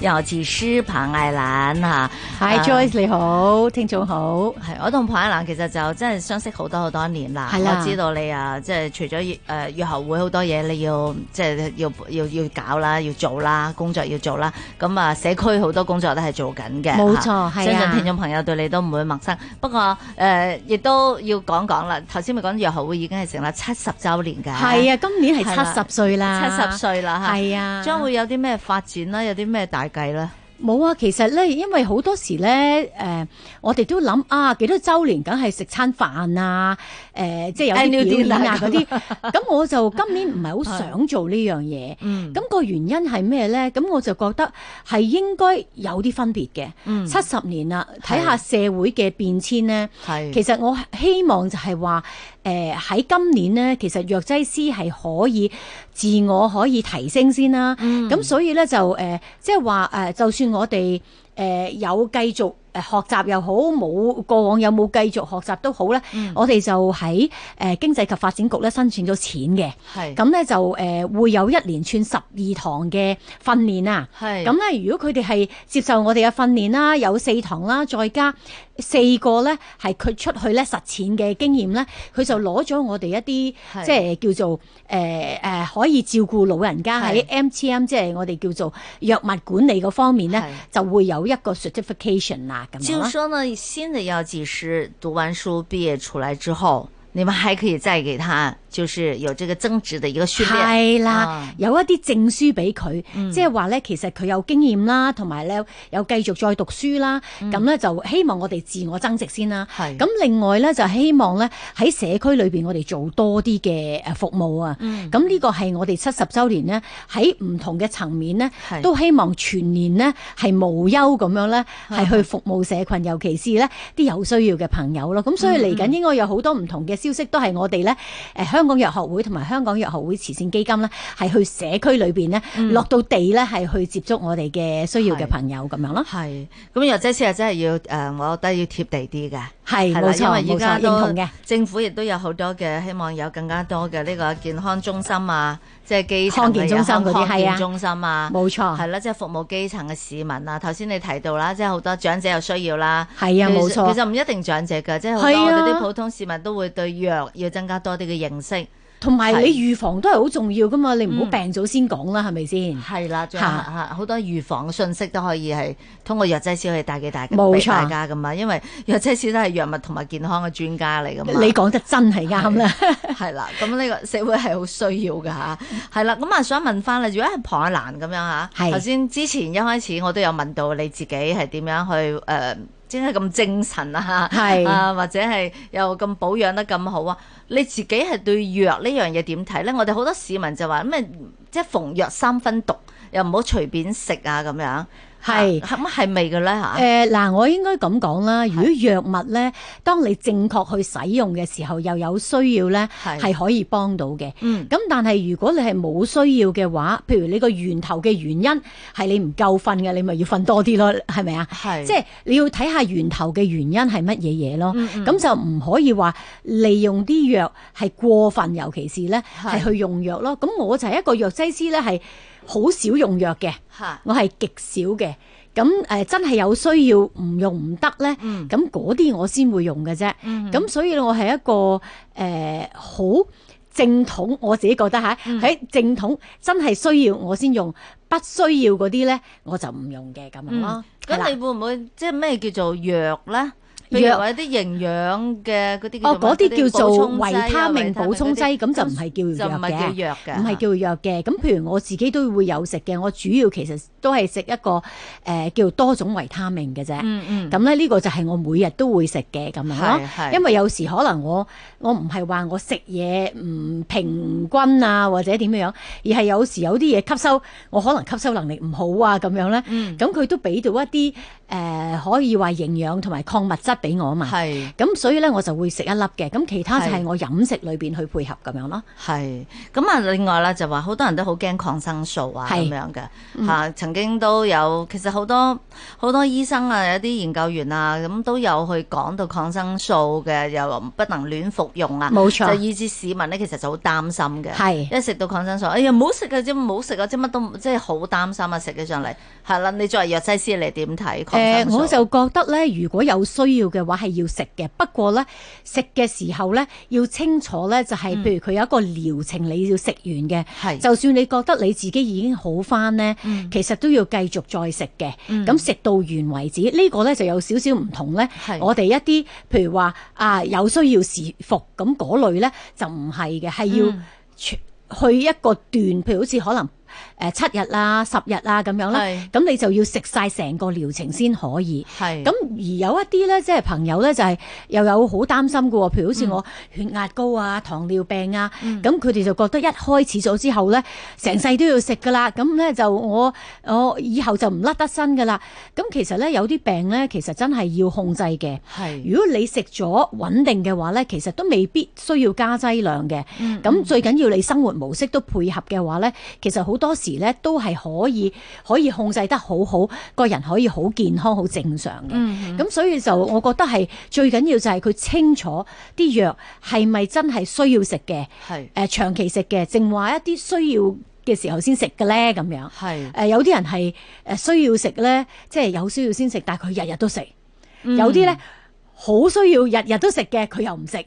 又似舒龐愛蘭吓，Hi Joyce、啊、你好，聽眾好，係我同龐愛蘭其實就真係相識好多好多，多年啦，係啦，我知道你啊，即、就、係、是、除咗誒藥學會好多嘢你要即係、就是、要要要搞啦，要做啦，工作要做啦，咁啊社區好多工作都係做緊嘅，冇錯、啊，相信聽眾朋友對你都唔會陌生。不過誒、亦、呃、都要講講啦，頭先咪講藥學會已經係成立七十周年嘅，係啊，今年係七十歲啦，七十歲啦，係啊，將會有啲咩發展啦，有啲咩大？計啦，冇啊！其實咧，因為好多時咧，誒、呃，我哋都諗啊，幾多周年，梗係食餐飯啊，誒、呃，即係有紀念啊嗰啲。咁我就今年唔係好想做呢樣嘢。嗯、咁個原因係咩咧？咁我就覺得係應該有啲分別嘅。嗯、七十年啦，睇下社會嘅變遷咧。係，其實我希望就係話。誒、呃、喺今年咧，其實藥劑師係可以自我可以提升先啦。咁、嗯、所以咧就誒、呃，即係話誒，就算我哋誒、呃、有繼續誒學習又好，冇過往有冇繼續學習都好咧、嗯，我哋就喺誒、呃、經濟及發展局咧申請咗錢嘅。係咁咧就誒、呃、會有一連串十二堂嘅訓練啊。係咁咧，如果佢哋係接受我哋嘅訓練啦，有四堂啦，再加。四個咧，係佢出去咧實踐嘅經驗咧，佢就攞咗我哋一啲即係叫做誒、呃呃、可以照顧老人家喺 M T M，即係我哋叫做藥物管理嗰方面咧，就會有一個 certification 啦咁樣。就係說呢，新嘅藥劑師讀完書畢業出嚟之後。你們還可以再給他，就是有這個增值的一個訓練。係啦、啊，有一啲證書俾佢、嗯，即係話咧，其實佢有經驗啦，同埋咧有繼續再讀書啦，咁、嗯、咧就希望我哋自我增值先啦。咁，另外咧就希望咧喺社區裏邊，我哋做多啲嘅誒服務啊。咁、嗯、呢個係我哋七十周年呢，喺唔同嘅層面呢，都希望全年呢，係無憂咁樣咧，係去服務社群，尤其是咧啲有需要嘅朋友咯。咁所以嚟緊應該有好多唔同嘅、嗯。嗯消息都係我哋咧，誒、呃、香港藥學會同埋香港藥學會慈善基金咧，係去社區裏邊咧、嗯，落到地咧，係去接觸我哋嘅需要嘅朋友咁樣咯。係，咁又者先係真係要誒、呃，我覺得要貼地啲嘅。係，冇錯，因為而家都沒同政府亦都有好多嘅希望有更加多嘅呢個健康中心啊，即係基層健康中心，健康中心啊，冇錯，係啦，即係服務基層嘅市民啊。頭先你提到啦，即係好多長者有需要啦，係啊，冇錯，其實唔一定長者嘅，即係好多啲普通市民都會對藥要增加多啲嘅認識。同埋你預防都係好重要噶嘛，你唔好病咗先講啦，係咪先？係啦，好多預防嘅信息都可以係通過藥劑師去帶俾大家，冇錯大家噶嘛。因為藥劑師都係藥物同埋健康嘅專家嚟噶嘛。你講得真係啱啦，係啦。咁 呢個社會係好需要噶嚇。係啦，咁啊想問翻啦，如果係龐愛蘭咁樣嚇，頭先之前一開始我都有問到你自己係點樣去誒？呃真係咁精神啊，係啊或者係又咁保養得咁好啊？你自己係對藥呢樣嘢點睇咧？我哋好多市民就話咩，即係逢藥三分毒，又唔好隨便食啊咁樣。係咁係咪嘅咧吓？誒嗱，我應該咁講啦。如果藥物咧，當你正確去使用嘅時候，又有需要咧，係可以幫到嘅。嗯。咁但係如果你係冇需要嘅話，譬如你個源頭嘅原因係你唔夠瞓嘅，你咪要瞓多啲咯，係咪啊？係即係你要睇下源頭嘅原因係乜嘢嘢咯？咁、嗯嗯、就唔可以話利用啲藥係過分，尤其是咧係去用藥咯。咁我就係一個藥劑師咧，係。好少用藥嘅，我係極少嘅。咁、呃、真係有需要唔用唔得咧。咁嗰啲我先會用嘅啫。咁、嗯、所以我係一個好、呃、正統，我自己覺得嚇喺、啊、正統真係需要我先用，不需要嗰啲咧我就唔用嘅咁咯。咁、嗯、你會唔會即係咩叫做藥咧？譬如話一啲營養嘅嗰啲哦，嗰啲叫做維他命補充劑，咁就唔係叫藥嘅，唔係叫藥嘅。咁、啊、譬如我自己都會有食嘅，我主要其實都係食一個誒、呃、叫多種維他命嘅啫。嗯嗯。咁咧呢個就係我每日都會食嘅咁樣咯。係係。因為有時可能我我唔係話我食嘢唔平均啊，嗯、或者點樣樣，而係有時有啲嘢吸收，我可能吸收能力唔好啊，咁樣咧。嗯。咁佢都俾到一啲誒、呃、可以話營養同埋礦物質。俾我啊嘛，係咁，所以咧，我就會食一粒嘅，咁其他就係我飲食裏邊去配合咁樣咯。係咁啊，另外咧就話好多人都好驚抗生素啊咁樣嘅吓、嗯，曾經都有，其實好多好多醫生啊，有啲研究員啊咁都有去講到抗生素嘅，又不能亂服用啊，冇錯，就以致市民咧其實就好擔心嘅，係一食到抗生素，哎呀唔好食啊，即唔好食啊，即乜都即係好擔心啊，食咗上嚟係啦。你作為藥劑師，你點睇？誒、呃，我就覺得咧，如果有需要。嘅話係要食嘅，不過咧食嘅時候咧要清楚咧，就係、是、譬如佢有一個療程你要食完嘅，係、嗯、就算你覺得你自己已經好翻咧、嗯，其實都要繼續再食嘅。咁、嗯、食到完為止、這個、呢個咧就有少少唔同咧。我哋一啲譬如話啊有需要時服咁嗰類咧就唔係嘅，係要去一個段，譬如好似可能。誒、呃，七日啦、啊，十日啦、啊，咁樣啦。咁你就要食晒成個療程先可以。係咁而有一啲咧，即係朋友咧，就係、是、又有好擔心㗎喎、哦。譬如好似我、嗯、血壓高啊，糖尿病啊，咁佢哋就覺得一開始咗之後咧，成世都要食㗎喇。咁咧就我我以後就唔甩得身㗎喇。咁其實咧有啲病咧，其實真係要控制嘅。係如果你食咗穩定嘅話咧，其實都未必需要加劑量嘅。咁、嗯嗯、最緊要你生活模式都配合嘅話咧，其實好。好多時咧都係可以可以控制得好好，個人可以好健康好正常嘅。咁、嗯嗯、所以就我覺得係最緊要就係佢清楚啲藥係咪真係需要食嘅？係誒、呃、長期食嘅，淨話一啲需要嘅時候先食嘅咧，咁樣係誒、呃、有啲人係誒需要食咧，即、就、係、是、有需要先食，但係佢日日都食。有啲咧好需要日日都食嘅，佢又唔食。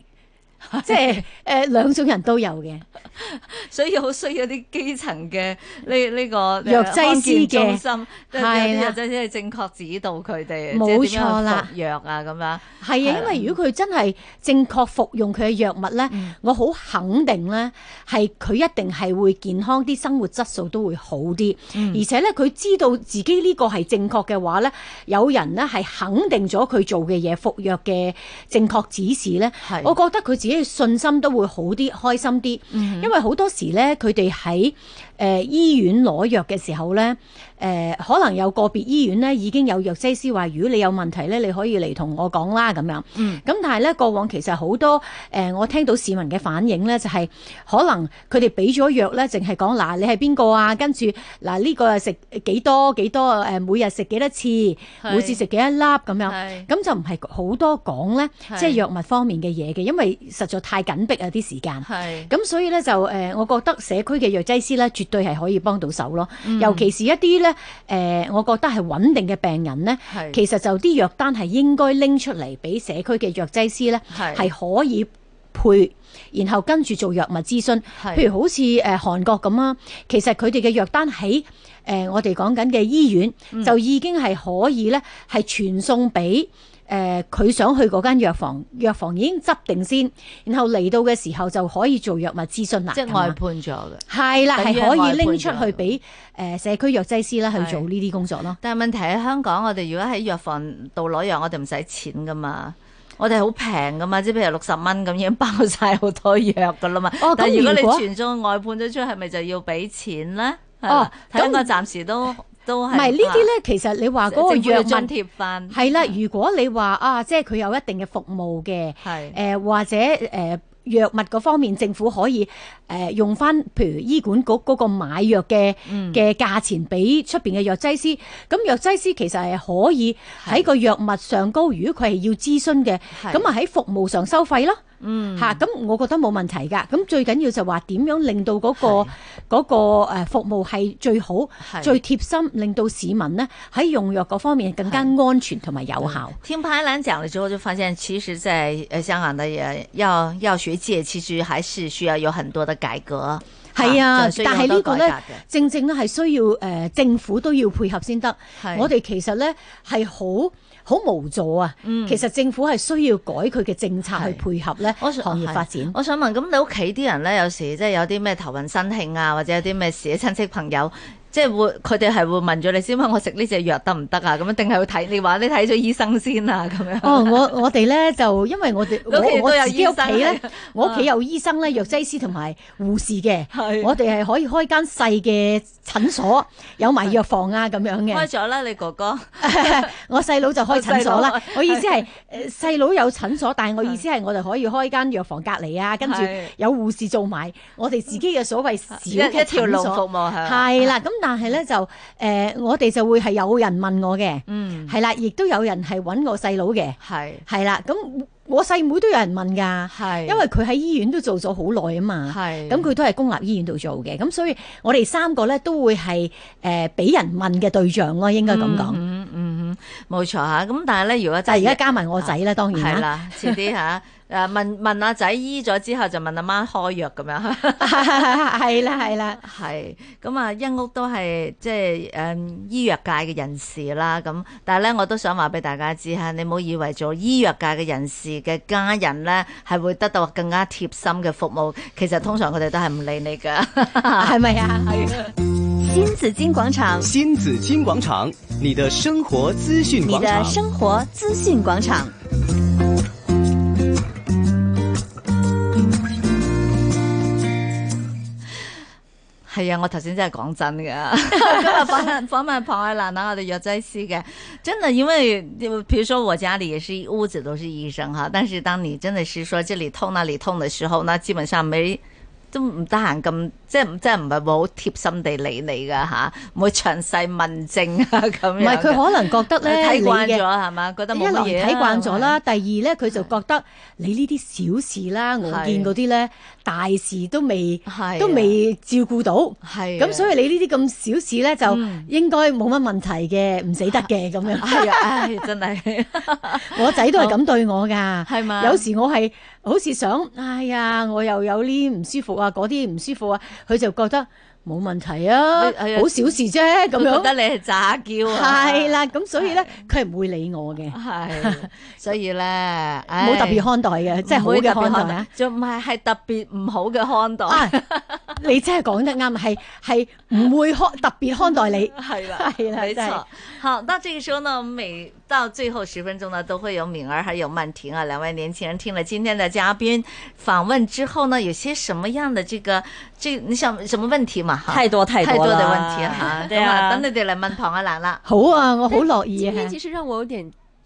即係誒，兩、呃、種人都有嘅， 所以好需要啲基層嘅呢呢個藥劑師嘅中心，係藥劑師係正確指導佢哋，冇錯啦，是服藥啊咁樣。係啊，因為如果佢真係正確服用佢嘅藥物咧、嗯，我好肯定咧，係佢一定係會健康啲，生活質素都會好啲、嗯。而且咧，佢知道自己呢個係正確嘅話咧，有人咧係肯定咗佢做嘅嘢，服藥嘅正確指示咧，係我覺得佢自。信心都會好啲，開心啲，因為好多時咧，佢哋喺誒醫院攞藥嘅時候咧，誒、呃、可能有個別醫院咧已經有藥劑師話，如果你有問題咧，你可以嚟同我講啦咁樣。咁但係咧，過往其實好多誒、呃，我聽到市民嘅反應咧，就係可能佢哋俾咗藥咧，淨係講嗱，你係邊個啊？跟住嗱呢個啊食幾多幾多誒、呃？每日食幾多次？每次食幾多粒咁樣？咁就唔係好多講咧，即係藥物方面嘅嘢嘅，因為。實在太緊迫啊！啲時間，咁所以咧就誒、呃，我覺得社區嘅藥劑師咧，絕對係可以幫到手咯。嗯、尤其是一啲咧誒，我覺得係穩定嘅病人咧，其實就啲藥單係應該拎出嚟俾社區嘅藥劑師咧，係可以配，然後跟住做藥物諮詢。譬如好似誒韓國咁啊，其實佢哋嘅藥單喺誒、呃、我哋講緊嘅醫院、嗯，就已經係可以咧，係傳送俾。誒、呃、佢想去嗰間藥房，藥房已經執定先，然後嚟到嘅時候就可以做藥物諮詢啦，即外判咗嘅，係啦係可以拎出去俾社區藥劑師啦去做呢啲工作咯。但係問題喺香港，我哋如果喺藥房度攞藥，我哋唔使錢噶嘛，我哋好平噶嘛，即譬如六十蚊咁樣已經包晒好多藥噶啦嘛。但如果，如果你傳中外判咗出去，係咪就要俾錢咧？哦，咁我暫時都。哦唔係呢啲咧、啊，其實你話嗰個藥物貼翻係啦。如果你話啊，即係佢有一定嘅服務嘅、呃，或者誒、呃、藥物嗰方面，政府可以誒、呃、用翻，譬如醫管局嗰個買藥嘅嘅價錢，俾出面嘅藥劑師。咁、嗯、藥劑師其實係可以喺個藥物上高，如果佢係要諮詢嘅，咁啊喺服務上收費咯。嗯，吓、啊，咁我覺得冇問題㗎。咁最緊要就話點樣令到嗰、那個嗰、那個誒服務係最好、最貼心，令到市民呢喺用藥嗰方面更加安全同埋有效。聽龐愛蘭講嘅時候，就發現其實喺誒香港嘅藥藥學界，其實還是需要有很多的改革。係啊，啊，啊，但係呢個咧正正咧係需要誒、呃、政府都要配合先得。我哋其實咧係好。好無助啊、嗯！其實政府係需要改佢嘅政策去配合咧行業發展。我想問，咁你屋企啲人咧，有時即係有啲咩頭暈身慶啊，或者有啲咩事，親戚朋友？即係會，佢哋係會問咗你先，問我食呢隻藥得唔得啊？咁樣定係要睇？你話你睇咗醫生先啊？咁樣。哦、oh,，我我哋咧就因為我哋， 我自己屋企咧，我屋企有醫生咧，藥劑師同埋護士嘅。係。我哋係可以開間細嘅診所，有埋藥房啊，咁樣嘅。開咗啦，你哥哥。 我細佬就開診所啦。 我意思係，細佬有診所，但係我意思係，我哋可以開間藥房隔籬啊，跟住有護士做埋，我哋自己嘅所謂小嘅診所。服務係啦，咁。但係咧就誒、呃，我哋就會係有人問我嘅，係、嗯、啦，亦都有人係搵我細佬嘅，係係啦，咁我細妹,妹都有人問噶，係，因為佢喺醫院都做咗好耐啊嘛，係，咁佢都係公立醫院度做嘅，咁所以我哋三個咧都會係誒俾人問嘅對象咯、啊，應該咁講，嗯嗯，冇錯吓，咁、啊、但係咧，如果就係而家加埋我仔咧、啊，當然、嗯、係啦，遲啲吓。 誒，問問阿仔醫咗之後就問阿媽開藥咁樣，係啦係啦，係咁啊，一屋都係即係誒、嗯、醫藥界嘅人士啦。咁但係咧，我都想話俾大家知吓，你唔好以為做醫藥界嘅人士嘅家人咧係會得到更加貼心嘅服務，其實通常佢哋都係唔理你噶，係咪啊？係。 紫荊廣場，紫荊廣場，你的生活資訊，你的生活資訊廣場。係啊，我頭先 真係講真噶，咁啊訪訪問龐愛蘭啊，我哋藥劑師嘅，真係因為，譬如說我家裏也是一屋子都是醫生哈，但係當你真係說這裏痛那裏痛嘅時候，那基本上沒都唔得閒噉。即係唔即係唔係好貼心地理你噶，唔會詳細問證啊，咁樣唔係。佢可能覺得咧睇慣咗係嘛，覺得冇嘢。一來睇慣咗啦，第二咧佢就覺得你呢啲小事啦，我見嗰啲咧大事都未、啊、都未照顧到，咁、啊、所以你呢啲咁小事咧就應該冇乜問題嘅，唔、啊、死得嘅咁樣。係啊，哎、真係 我仔都係咁對我㗎，係嘛，哦？有時我係好似想，哎呀，我又有啲唔舒服啊，嗰啲唔舒服啊。佢就覺得冇問題啊，好、哎、小事啫咁樣。覺得你係詐嬌啊。係啦，咁所以咧，佢係唔會理我嘅。係，所以咧，冇 特別看待嘅、哎，即係好嘅看待，就唔係係特別唔好嘅看待。 你真係講得啱，係係唔會看特別看待你 是的，係 啦，係啦，真係。好，那這個時候呢，每到最後十分鐘呢，都會有敏兒，還有曼婷啊，兩位年輕人，聽了今天的嘉賓訪問之後呢，有些什麼樣的這個，這你想什麼問題嘛？太多太多太多的問題，吓， 對啊。等你哋嚟問龐愛蘭啦。好啊，我好樂意。今天其實讓我有點。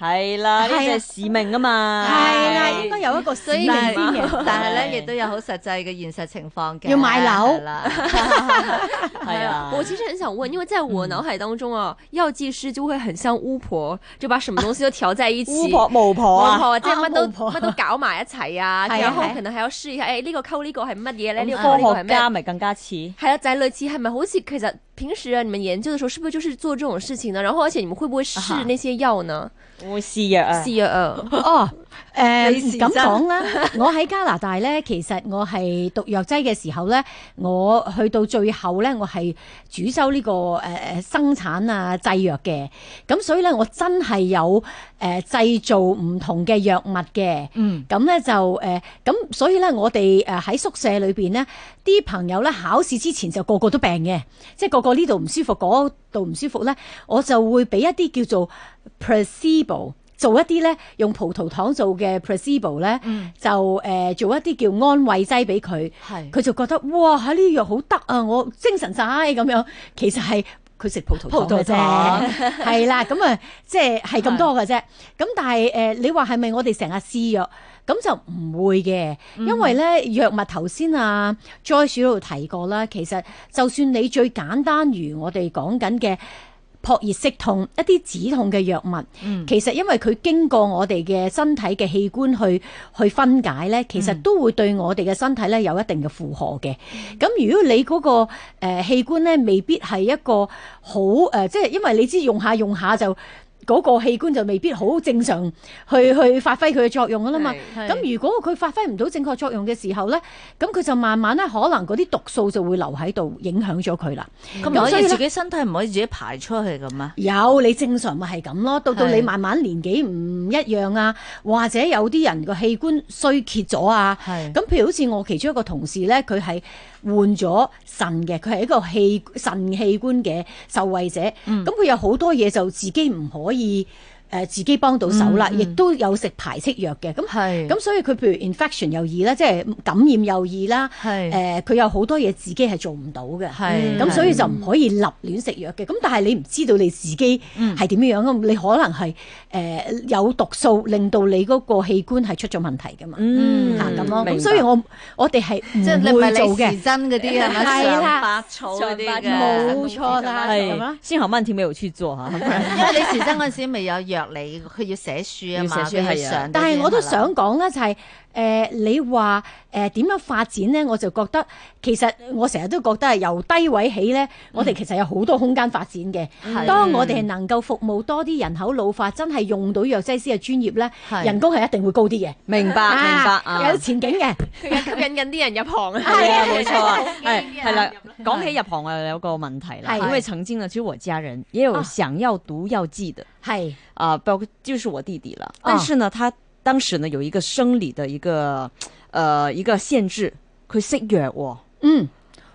係啦，呢個、啊、使命啊嘛，係啦、啊啊啊，應該有一個使命，但係咧亦都有好實際嘅現實情況嘅，要買樓啦，係啊， 是啊， 啊。我其實很想問，因為在我腦海當中啊，藥劑師就會很像巫婆，就把什麼東西都調在一起。 巫婆、巫婆、啊、巫婆、啊、即係乜都乜、啊啊、都搞埋一齊啊，啊，然後可能係我試下，誒、啊，哎這個、這個是什麼呢個溝呢個係乜嘢咧？呢個科學家咪更加似，係啊仔係、就係、類似，係咪好似其實？平時啊，你們研究的時候是不是就是做這種事情呢？然後，而且你們會不會試那些藥呢？我試藥，試藥哦。誒、嗯，咁講啦， 我喺加拿大咧，其實我係讀藥劑嘅時候咧，我去到最後咧，我係主修呢個誒誒生產啊、製藥嘅，咁所以咧，我真係有誒製造唔同嘅藥物嘅，嗯，咁咧就誒，咁所以咧，我哋誒喺宿舍裏邊咧，啲朋友咧考試之前就個個都病嘅，即係個個呢度唔舒服，嗰度唔舒服咧，我就會俾一啲叫做 placebo。做一啲咧用葡萄糖做嘅 placebo 咧、嗯，就誒、呃、做一啲叫安慰劑俾佢，佢就覺得哇呢呢藥好得啊！我精神晒咁樣，其實係佢食葡萄糖啫，係 啦，咁啊即係係咁多嘅啫。咁但係誒、呃、你話係咪我哋成日試藥，咁就唔會嘅？因為咧藥物頭先啊，Joyce 嗰度提過啦。其實就算你最簡單如我哋講緊嘅。撲熱息痛一啲止痛嘅藥物，嗯，其實因為佢經過我哋嘅身體嘅器官去去分解咧，其實都會對我哋嘅身體咧有一定嘅負荷嘅。咁、嗯、如果你嗰、嗰個誒、呃、器官咧，未必係一個好誒、呃，即係因為你知用下用下就。嗰個器官就未必好正常去，去去發揮佢嘅作用啦嘛。咁如果佢發揮唔到正確作用嘅時候咧，咁佢就慢慢咧可能嗰啲毒素就會留喺度，影響咗佢啦。咁、嗯、所以自己身體唔可以自己排出去，咁啊有你正常咪係咁咯。到到你慢慢年紀唔一樣啊，或者有啲人個器官衰竭咗啊。咁譬如好似我其中一個同事咧，佢係。換咗腎嘅，佢係一個氣腎器官嘅受惠者，咁、嗯、佢有好多嘢就自己唔可以。誒自己幫到手啦，亦、嗯嗯、都有食排斥藥嘅，咁咁所以佢譬如 infection 又易啦，即、就、係、是、感染又易啦，誒佢、呃、有好多嘢自己係做唔到嘅，咁、嗯、所以就唔可以立亂食藥嘅。咁、嗯、但係你唔知道你自己係點樣啊、嗯？你可能係誒、呃、有毒素令到你嗰個器官係出咗問題噶嘛？咁、嗯、咯。咁、啊啊、所以我我哋係唔會做嘅。真嗰啲係咪上百草嗰啲冇錯啦。係嘛？幸好曼婷未有去做嚇，因為你時針嗰時未有藥。 嚟，佢要寫書啊嘛，書係想，但係我都想講咧，就係。誒、呃，你話，誒，點樣發展呢？我就覺得其實我成日都覺得係由低位起咧，嗯，我哋其實有好多空間發展嘅，嗯。當我哋係能夠服務多啲人口老化，真係用到藥劑師嘅專業咧，嗯，人工係一定會高啲嘅。明白，啊，明白，啊，有前景嘅，佢吸引緊啲人入行。係 啊，冇錯，啊，係係啦。講起入行，我又有個問題啦。因為曾經啊，即我家人也有想要讀藥劑的，係啊，包，啊，括就是我弟弟啦。但是呢，啊，他。當時呢，有一個生理的一個呃一個限制，可以制約我。嗯。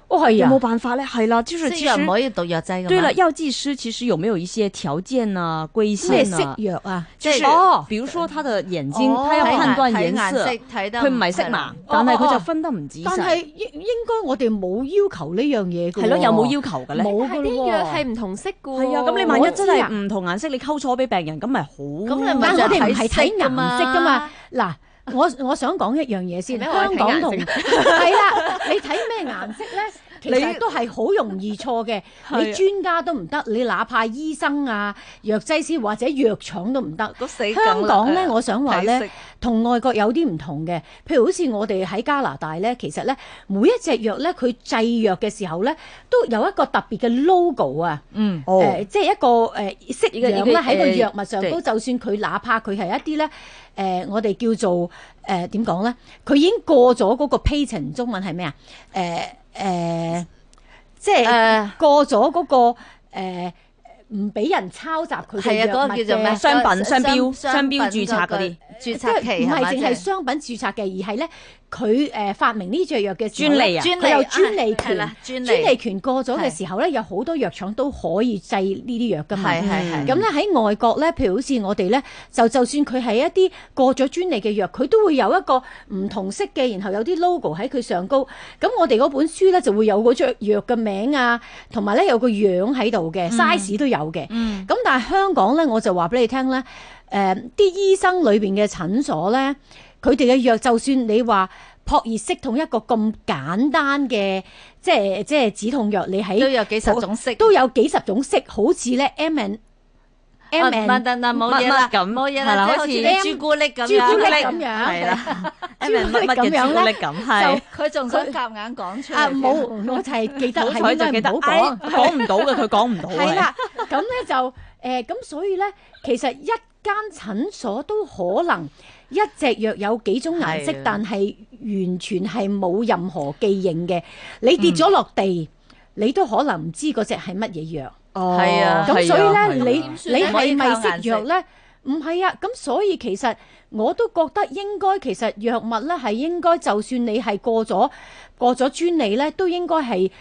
哇、哦、係、啊，有冇辦法咧？係啦，就是其實不可以讀藥劑對啦，藥劑師其實有沒有一些條件啊、規限啊？咩色藥啊？即、就、係、是哦，比如說他的眼睛，哦、他要判斷顏色，佢唔係色盲，但係佢就分得唔仔細、哦哦哦、但係應該我哋冇要求呢樣嘢，係咯？有冇要求嘅咧？冇嘅咯。啲藥係唔同色嘅喎。係啊，咁你萬一真係唔同顏色，啊、你溝錯俾病人，咁咪好？咁你係咪係睇顏色噶嘛？嗱。我我想講一樣嘢先，香港同係啦，你睇咩顏色咧？你都係好容易錯嘅，你，你專家都唔得，你哪怕醫生啊、藥劑師或者藥廠都唔得。香港咧，我想話咧，同外國有啲唔同嘅。譬如好似我哋喺加拿大咧，其實咧，每一隻藥咧，佢製藥嘅時候咧，都有一個特別嘅 logo 啊。嗯，誒、呃哦，即係一個誒，識嘅樣啦，喺個藥物上高、這個呃，就算佢哪怕佢係一啲咧，誒、呃，我哋叫做誒點講咧，佢、呃、已經過咗嗰個 patent，中文係咩啊？誒、呃。誒、呃，即係過咗嗰、嗰個誒。呃唔俾人抄襲佢嘅、啊嗰個、叫做咩？商品、商標、商標註冊嗰啲註冊係唔係淨係商品註冊嘅，而係咧佢誒發明呢隻藥嘅專利啊！佢有專利權，啊、專利專利權過咗嘅時候咧，有好多藥廠都可以製呢啲藥㗎嘛。咁咧喺外國咧，譬如好似我哋咧，就就算佢係一啲過咗專利嘅藥，佢都會有一個唔同色嘅，然後有啲 logo 喺佢上高。咁我哋嗰本書咧就會有嗰隻藥嘅名啊，同埋咧有個樣喺度嘅 size 都有。嘅、嗯，咁但係香港咧，我就話俾你聽咧，誒、呃，啲醫生裏邊嘅診所咧，佢哋嘅藥就算你話撲熱息痛一個咁簡單嘅，即係即係止痛藥，你喺都有幾十種色，都有幾十種色，好似咧，M&M，M&M，唔冇嘢啦，冇、啊、嘢、就是、好似朱古力咁樣、M，朱古力咁樣，係啦，m 乜乜嘅朱古力咁係，佢仲 想夾硬講出嚟，冇、啊，我就係記得，好 彩就記得，講唔到嘅，佢講唔到嘅。 是的 咁 咧就誒，咁、欸、所以咧，其實一間診所都可能一隻藥有幾種顏色，但係完全係冇任何記認嘅。你跌咗落地、嗯，你都可能唔知嗰隻係乜嘢藥。哦，係係啊。咁所以咧，你你係咪識藥咧？唔係啊。咁所以其實我都覺得應該其實藥物咧係應該，就算你係過咗過咗專利咧，都應該係。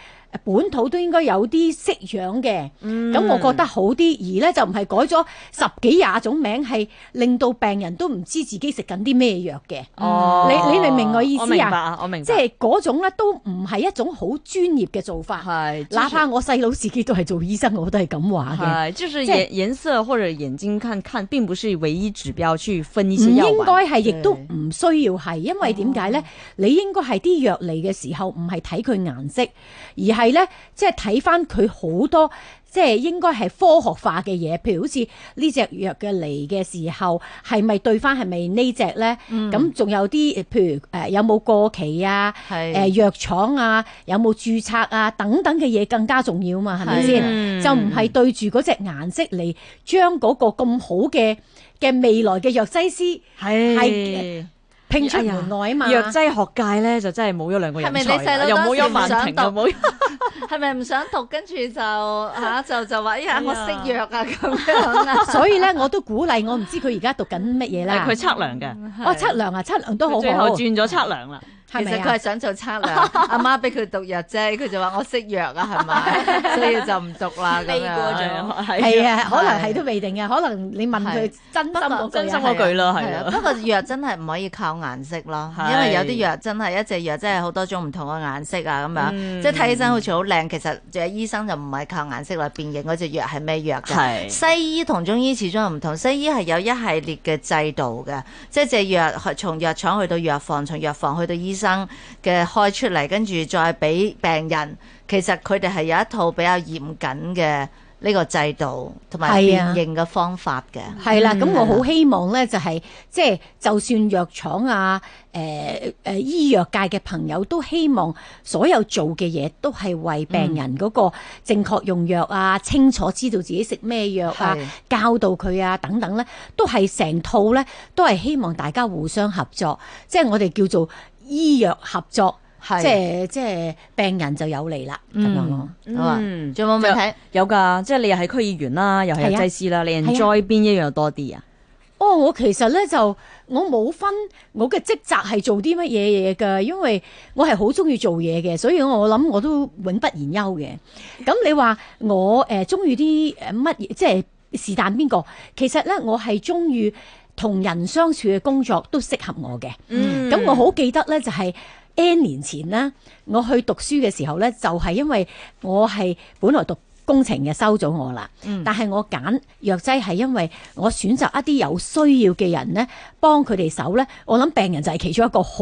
本土都應該有啲識樣嘅，咁我覺得好啲、嗯。而咧就唔係改咗十幾廿種名，係令到病人都唔知自己食緊啲咩藥嘅。哦，你你明唔明我意思啊？我明。即係嗰種咧都唔係一種好專業嘅做法。係、就是，哪怕我細佬自己都係做醫生，我都係咁話嘅。係，顏、就是就是、色或者眼睛看看，並不是唯一指標去分一些藥。唔應該係亦都唔需要係，因為點解咧？你應該係啲藥嚟嘅時候，唔係睇佢顏色，而係。係咧，即係睇翻佢好多，即係應該係科學化嘅嘢，譬如好似呢隻藥嘅嚟嘅時候，係咪對翻係咪呢隻咧？咁、嗯、仲有啲，譬如誒有冇過期啊？係。誒藥廠啊，有冇註冊啊？等等嘅嘢更加重要嘛？係咪先？就唔係對住嗰隻顏色嚟，將嗰個咁好嘅嘅未來嘅藥劑師係。拼出門外啊嘛！藥、哎、劑學界咧就真係冇咗兩個人才了，又冇咗萬婷，係咪唔想讀？跟住 就吓就就話：哎呀，我識藥啊咁 樣啊。所以咧，我都鼓勵我唔知佢而家讀緊乜嘢啦。佢測量嘅，哇、哦、測量啊，測量都好好。最後轉咗測量啦。是是其實佢係想做測量，阿媽俾佢讀藥啫，佢就話我識藥啊，係咪？所以就唔讀啦咁 樣。係啊，可能係都未定嘅，可能你問佢真心嗰句咯，係啊。不過藥真係唔可以靠顏色咯，因為有啲藥真係一隻藥真係好多種唔同嘅顏色啊，咁樣，即係睇起身好似好靚，其實只醫生就唔係靠顏色嚟辨認嗰隻藥係咩藥嘅。係。西醫同中醫始終又唔同，西醫係有一系列嘅制度嘅，即係隻藥從藥廠去到藥房，從藥房去到醫。醫生嘅開出嚟，跟住再俾病人，其實佢哋係有一套比較嚴謹嘅呢個制度同埋辨認嘅方法嘅。係啦、啊，咁、嗯啊、我好希望呢就係即係，就，是、就算藥廠啊，誒、呃、誒、呃、醫藥界嘅朋友都希望所有做嘅嘢都係為病人嗰個正確用藥啊、嗯，清楚知道自己食咩藥啊，教導佢啊等等呢，都係成套呢，都係希望大家互相合作，即、就、係、是、我哋叫做。醫藥合作，是啊、即係即係病人就有利啦，咁、嗯、樣吧好啊？仲有冇問題？有噶，即係你又係區議員啦，又係藥劑師啦、啊，你 enjoy 邊一樣多啲啊？哦，我其實咧就我冇分我嘅職責係做啲乜嘢嘢嘅，因為我係好中意做嘢嘅，所以我諗我都永不言休嘅。咁你話我誒中意啲誒乜嘢？即係是但邊個？其實咧我係中意。同人相處嘅工作都適合我嘅，咁，mm-hmm. 我好記得咧，就係 N 年前咧，我去讀書嘅時候咧，就係因為我係本來讀工程嘅，收咗我啦，mm-hmm.，但係我揀藥劑係因為我選擇一啲有需要嘅人咧，幫佢哋手咧，我諗病人就係其中一個好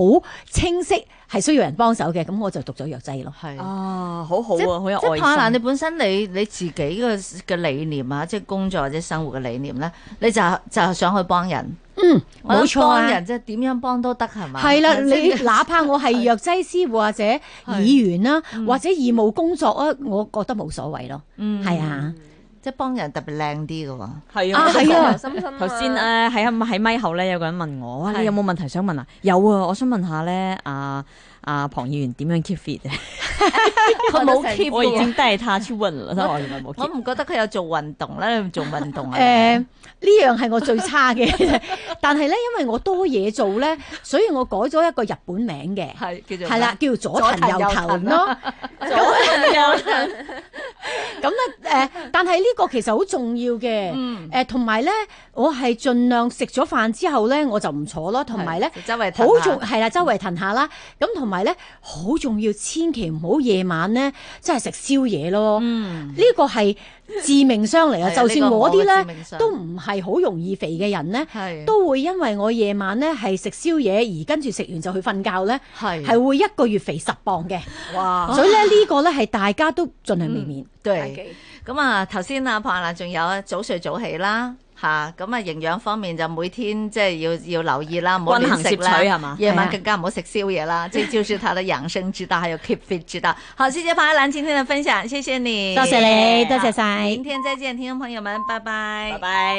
清晰。係需要人幫手嘅，咁我就讀咗藥劑咯。係啊，好好啊，好有愛心即係怕難，你本身你你自己嘅嘅理念啊，即係工作或者生活嘅理念咧，你就就想去幫人。嗯，冇錯、啊、人，幫是是啊、即係點樣幫都得係咪？係 啦，你哪怕我係藥劑師或者議員啦，或者義務工作啊，我覺得冇所謂咯。嗯，係啊。即係幫人特別靚啲㗎喎。係啊，頭先啊，誒，喺喺咪後咧有個人問我，哇，你有冇問題想問啊，啊？有啊，我想問下咧，啊。阿、啊、龐議員點樣 keep fit 咧？佢冇 keep，我已經帶他去出運啦。我唔覺得佢有做運動啦，做運動啊！誒、呃，呢樣係我最差嘅。 但係咧，因為我多嘢做咧，所以我改咗一個日本名嘅，係叫做係啦，叫做左騰右，騰左騰右騰咯。左騰右騰咁咧，誒， 但係呢個其實好重要嘅。誒、嗯，同埋咧，我係盡量食咗飯之後咧，我就唔坐咯，同埋咧，好重，係啦，周圍騰下啦。咁、嗯、同。同埋咧好重要，千祈唔好夜晚咧，即係食宵夜咯。呢、嗯這個係致命傷嚟啊！就算我啲咧都唔係好容易肥嘅人咧，都會因為我夜晚咧係食宵夜而跟住食完就去瞓覺咧，係會一個月肥十磅嘅。哇！所以咧呢個咧係大家都盡量避免，嗯。對，咁啊頭先啊龐愛蘭仲有啊，啊有早睡早起啦。吓、啊，咁啊營養方面就每天即係要要留意啦，唔好亂食啦。夜晚更加唔好食宵夜啦，即係就係佢嘅養生之道，還有 keep fit 之道。好，謝謝龐愛蘭今天的分享，謝謝你。多謝你，多謝晒！明天再見，聽眾朋友們，拜拜。拜拜。